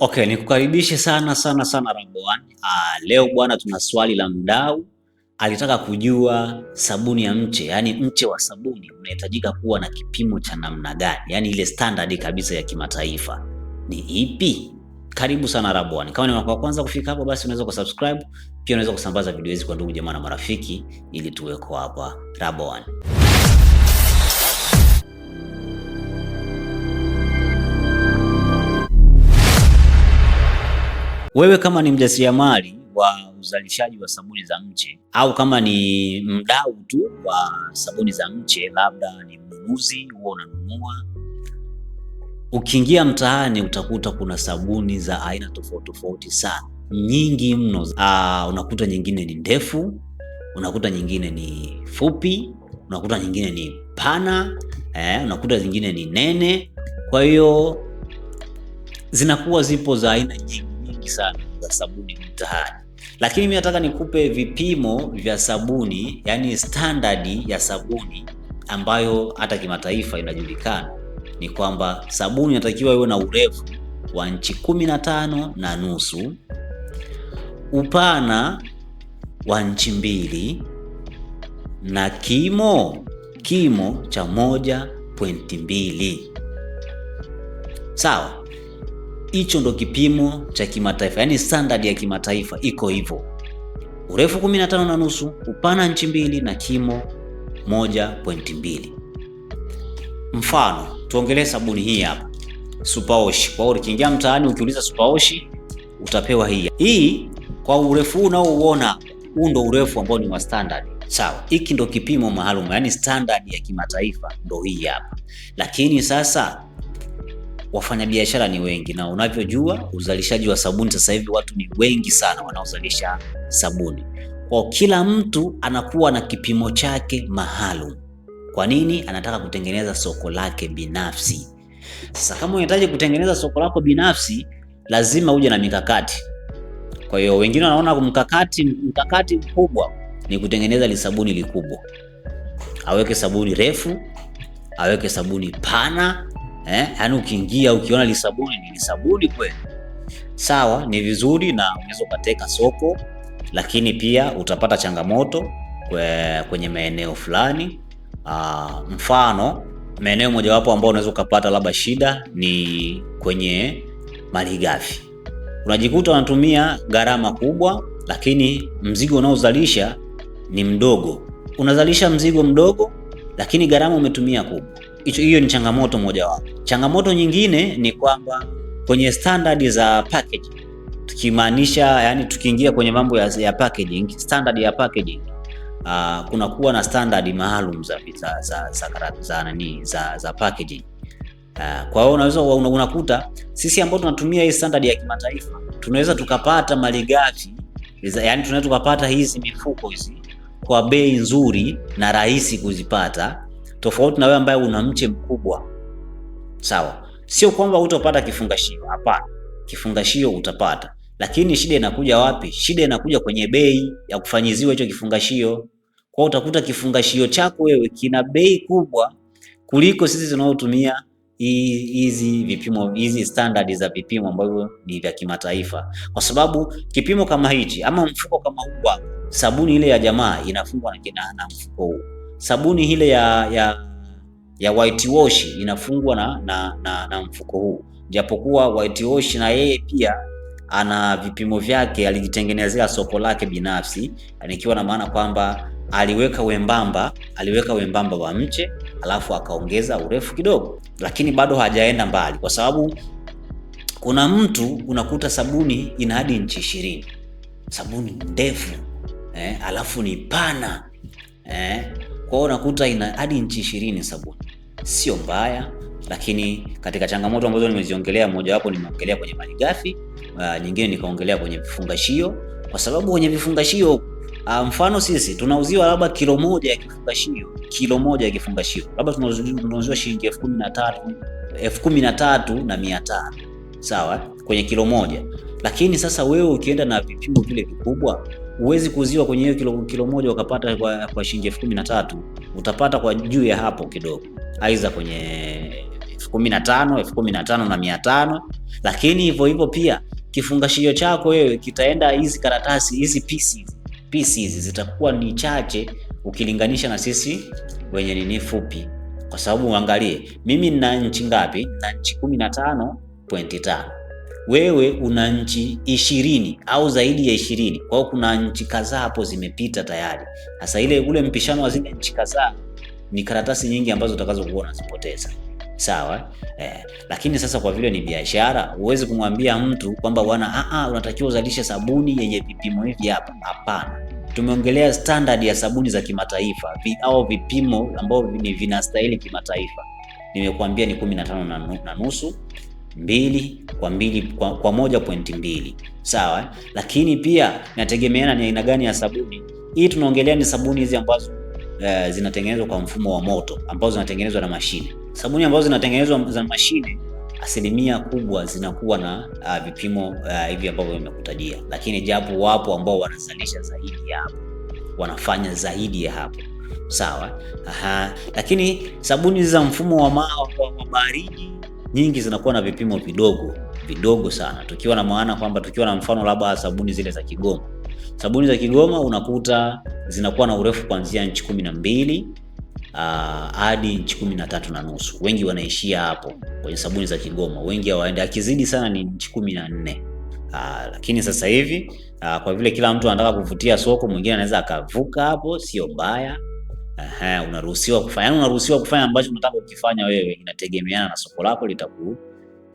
Okay, nikukaribishe sana sana sana Rambo Ah, leo bwana tuna swali la mdau alitaka kujua sabuni ya mche, yaani mche wa sabuni unahitajika kuwa na kipimo cha namna gani, yaani ile standard kabisa ya kimataifa ni ipi? Karibu sana Rambo Kama ni wako wa kwanza kufika hapo, basi unaweza kusubscribe, pia unaweza kusambaza video hizi kwa ndugu jamaa na marafiki, ili tuweko hapa Rambo Wewe kama ni mjasiriamali wa uzalishaji wa sabuni za mche au kama ni mdau tu wa sabuni za mche, labda ni mnunuzi, huwa unanunua, ukiingia mtaani utakuta kuna sabuni za aina tofauti tofauti sana, nyingi mno. Aa, ah, unakuta nyingine ni ndefu, unakuta nyingine ni fupi, unakuta nyingine ni pana eh, unakuta zingine ni nene. Kwa hiyo zinakuwa zipo za aina nyingi nyingi sana za sabuni mtaani, lakini mimi nataka nikupe vipimo vya sabuni, yani standard ya sabuni ambayo hata kimataifa inajulikana, ni kwamba sabuni inatakiwa iwe na urefu wa inchi 15 na nusu, upana wa inchi mbili na kimo kimo cha 1.2 sawa. So, Hicho ndo kipimo cha kimataifa, yani standard ya kimataifa iko hivyo: urefu 15 na nusu, upana nchi mbili na kimo 1.2. Mfano, tuongelee sabuni hii hapa Superwash. Kwa hiyo ukiingia mtaani ukiuliza Superwash utapewa hii hii. Kwa urefu huu unaouona huu ndo urefu ambao ni wa standard, sawa. Hiki ndo kipimo maalum, yani standard ya kimataifa ndo hii hapa, lakini sasa wafanyabiashara ni wengi, na unavyojua uzalishaji wa sabuni sasa hivi watu ni wengi sana wanaozalisha sabuni, kwa kila mtu anakuwa na kipimo chake maalum. Kwa nini? Anataka kutengeneza soko lake binafsi. Sasa kama unahitaji kutengeneza soko lako binafsi, lazima uje na mikakati. Kwa hiyo wengine wanaona mkakati mkakati mkubwa ni kutengeneza lisabuni likubwa, aweke sabuni refu, aweke sabuni pana eh, yaani ukiingia ukiona lisabuni ni sabuni kweli, sawa, ni vizuri na unaweza ukateka soko, lakini pia utapata changamoto kwe, kwenye maeneo fulani. Aa, ah, mfano maeneo mojawapo ambao unaweza ukapata labda shida ni kwenye malighafi. Unajikuta unatumia gharama kubwa, lakini mzigo unaozalisha ni mdogo. Unazalisha mzigo mdogo, lakini gharama umetumia kubwa. Hiyo ni changamoto moja wapo. Changamoto nyingine ni kwamba kwenye standard za packaging, tukimaanisha yani, tukiingia kwenye mambo ya, ya packaging, standard ya packaging uh, ah, kuna kuwa na standard maalum za za za za, za, nani, za, za packaging uh, kwa hiyo unaweza unakuta sisi ambao tunatumia hii standard ya kimataifa tunaweza tukapata malighafi yani, tunaweza tukapata hizi mifuko hizi kwa bei nzuri na rahisi kuzipata, tofauti na wewe ambaye una mche mkubwa. Sawa, sio kwamba utapata kifungashio, hapana, kifungashio utapata, lakini shida inakuja wapi? Shida inakuja kwenye bei ya kufanyiziwa hicho kifungashio. Kwa utakuta kifungashio chako wewe kina bei kubwa kuliko sisi tunaotumia hizi vipimo hizi standard za vipimo ambavyo ni vya kimataifa, kwa sababu kipimo kama hichi ama mfuko kama huu sabuni ile ya jamaa inafungwa na, na mfuko huu. Sabuni ile ya, ya, ya white wash inafungwa na, na, na, na mfuko huu, japokuwa white wash na yeye pia ana vipimo vyake, alijitengenezea soko lake binafsi, nikiwa na maana kwamba aliweka wembamba, aliweka wembamba wa mche alafu akaongeza urefu kidogo, lakini bado hajaenda mbali, kwa sababu kuna mtu unakuta sabuni ina hadi inchi ishirini, sabuni ndefu eh, alafu ni pana eh. Kwa hiyo unakuta ina hadi nchi ishirini sabuni, sio mbaya, lakini katika changamoto ambazo nimeziongelea, mojawapo nimeongelea kwenye malighafi, uh, nyingine nikaongelea kwenye vifungashio, kwa sababu kwenye vifungashio Uh, mfano sisi tunauziwa labda kilo moja ya kifungashio, kilo moja ya kifungashio labda tunauziwa shilingi elfu kumi na tatu elfu kumi na tatu na mia tano sawa, kwenye kilo moja. Lakini sasa wewe ukienda na vipimo vile vikubwa huwezi kuuziwa kwenye hiyo kilo, kilo moja ukapata kwa, kwa shilingi elfu kumi na tatu utapata kwa juu ya hapo kidogo, aidha kwenye elfu kumi na tano elfu kumi na tano na mia tano Lakini hivyo hivyo pia kifungashio chako wewe kitaenda, hizi karatasi hizi pieces pieces zitakuwa ni chache ukilinganisha na sisi wenye nini fupi, kwa sababu uangalie mimi nina nchi ngapi? Na nchi 15.5 wewe una nchi ishirini au zaidi ya ishirini. Kwa hiyo kuna nchi kadhaa hapo zimepita tayari. Sasa ile ule mpishano wa zile nchi kadhaa ni karatasi nyingi ambazo utakazokuwa unazipoteza. Sawa eh, lakini sasa kwa vile ni biashara, huwezi kumwambia mtu kwamba bwana, a ah, a, ah, unatakiwa uzalishe sabuni yenye vipimo hivi hapa. Hapana, tumeongelea standard ya sabuni za kimataifa au vipimo ambavyo ni vinastahili kimataifa. Nimekuambia ni kumi na tano na nusu mbili kwa mbili, kwa, kwa moja pointi mbili sawa, lakini pia inategemeana ni aina gani ya sabuni. Hii tunaongelea ni sabuni hizi ambazo eh, zinatengenezwa kwa mfumo wa moto ambazo zinatengenezwa na mashine. Sabuni ambazo zinatengenezwa za mashine asilimia kubwa zinakuwa na uh, vipimo uh, hivi ambavyo nimekutajia, lakini japo wapo ambao wanazalisha zaidi ya hapo, wanafanya zaidi ya hapo sawa. Aha. Lakini sabuni za mfumo wa, ma, wa baridi nyingi zinakuwa na vipimo vidogo vidogo sana, tukiwa na maana kwamba tukiwa na mfano labda sabuni zile za Kigoma. Sabuni za Kigoma unakuta zinakuwa na urefu kuanzia inchi kumi na mbili ah, hadi inchi kumi na tatu na nusu. Wengi wanaishia hapo kwenye sabuni za Kigoma, wengi hawaendi, akizidi sana ni inchi kumi na nne. Aa, ah, lakini sasa hivi aa, ah, kwa vile kila mtu anataka kuvutia soko, mwingine anaweza akavuka hapo, sio mbaya. Aha, unaruhusiwa kufanya, yaani unaruhusiwa kufanya ambacho unataka kukifanya wewe, inategemeana na soko lako litakuwa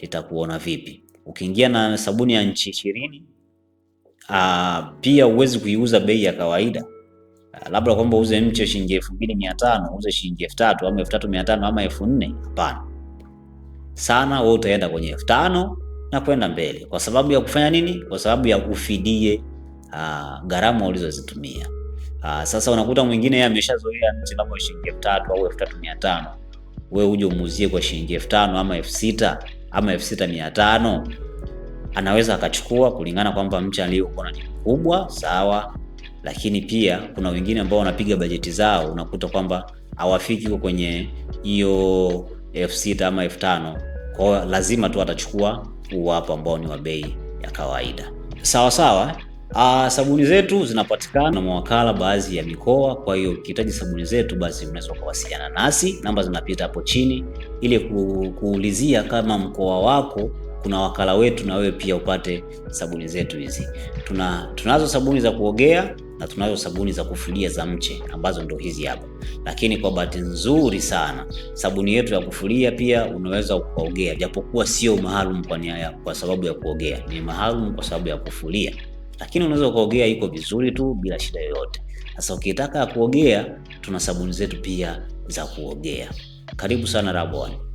litakuona vipi. Ukiingia na sabuni ya nchi ishirini ah, pia uwezi kuiuza bei ya kawaida, ah, labda kwamba uze mche shilingi elfu mbili mia tano uuze shilingi elfu tatu ama elfu tatu mia tano ama elfu nne Hapana, sana wewe utaenda kwenye elfu tano na kwenda mbele. Kwa sababu ya kufanya nini? Kwa sababu ya ufidie ah, gharama ulizozitumia. Aa, sasa unakuta mwingine yeye ameshazoea mche labda shilingi elfu tatu au elfu tatu mia tano wewe uje umuzie kwa shilingi elfu tano ama elfu sita ama elfu sita mia tano anaweza akachukua kulingana kwamba mcha na ni mkubwa sawa, lakini pia kuna wengine ambao wanapiga bajeti zao, unakuta kwamba hawafiki huko kwenye hiyo elfu sita ama elfu tano Kwa lazima tu atachukua huu hapa ambao ni wa bei ya kawaida. Sawa sawa. Uh, sabuni zetu zinapatikana na mawakala baadhi ya mikoa. Kwa hiyo ukihitaji sabuni zetu, basi unaweza kuwasiliana nasi, namba zinapita hapo chini, ili kuulizia kama mkoa wako kuna wakala wetu, na wewe pia upate sabuni zetu hizi. Tuna tunazo sabuni za kuogea na tunazo sabuni za kufulia za mche ambazo ndo hizi hapa, lakini kwa bahati nzuri sana sabuni yetu ya kufulia pia unaweza ukaogea, japokuwa sio maalum kwa, kwa sababu ya kuogea, ni maalum kwa sababu ya kufulia lakini unaweza ukaogea iko vizuri tu bila shida yoyote. Sasa ukitaka kuogea, tuna sabuni zetu pia za kuogea. Karibu sana Rab